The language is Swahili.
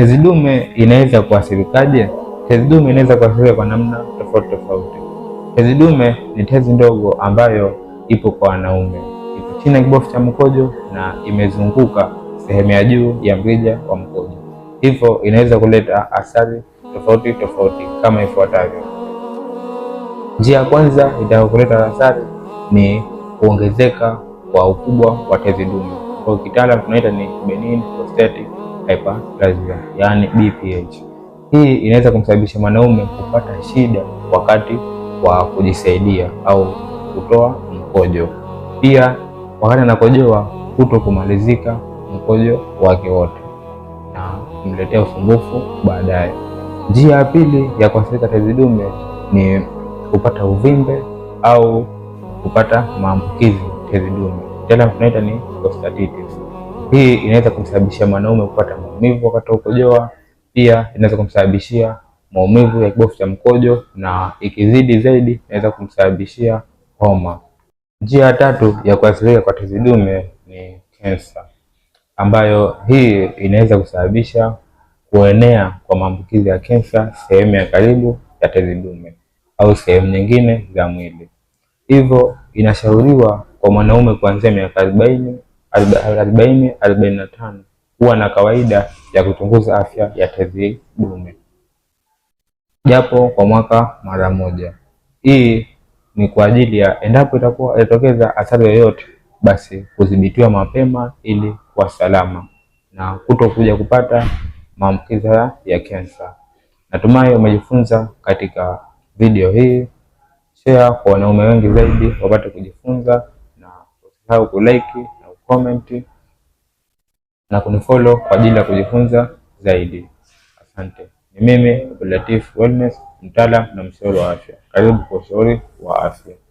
Tezi dume inaweza kuathirikaje? Tezi dume inaweza kuathirika kwa namna tofauti tofauti. Tezi dume ni tezi ndogo ambayo ipo kwa wanaume, ipo chini ya kibofu cha mkojo na imezunguka sehemu ya juu ya mrija wa mkojo, hivyo inaweza kuleta athari tofauti tofauti kama ifuatavyo. Njia ya kwanza itakuleta athari ni kuongezeka kwa ukubwa wa tezi dume, kwa kitaalamu tunaita ni benign prostatic hyperplasia, yani BPH. Hii inaweza kumsababisha mwanaume kupata shida wakati wa kujisaidia au kutoa mkojo, pia wakati anakojoa kuto kumalizika mkojo wake wote na kumletea usumbufu baadaye. Njia ya pili ya kuathirika tezi dume ni kupata uvimbe au kupata maambukizi tezi dume, tena tunaita ni prostatitis. Hii inaweza kumsababishia mwanaume kupata maumivu wakati wa kukojoa, pia inaweza kumsababishia maumivu ya kibofu cha mkojo, na ikizidi zaidi inaweza kumsababishia homa. Njia ya tatu ya kuathirika kwa tezi dume ni kansa, ambayo hii inaweza kusababisha kuenea kwa maambukizi ya kansa sehemu ya karibu ya tezi dume au sehemu nyingine za mwili. Hivyo inashauriwa kwa mwanaume kuanzia miaka arobaini arobaini arobaini na tano huwa na kawaida ya kuchunguza afya ya tezi dume japo kwa mwaka mara moja. Hii ni kwa ajili ya endapo itakuwa itatokeza athari yoyote, basi kudhibitiwa mapema ili kuwa salama na kutokuja kupata maambukizi haya ya kansa. Natumai umejifunza katika video hii. Share kwa wanaume wengi zaidi wapate kujifunza, na usisahau kulike comment na kunifollow kwa ajili ya kujifunza zaidi. Asante. Ni mimi Abdulatif Wellness, mtaalamu na mshauri wa afya. Karibu kwa ushauri wa afya.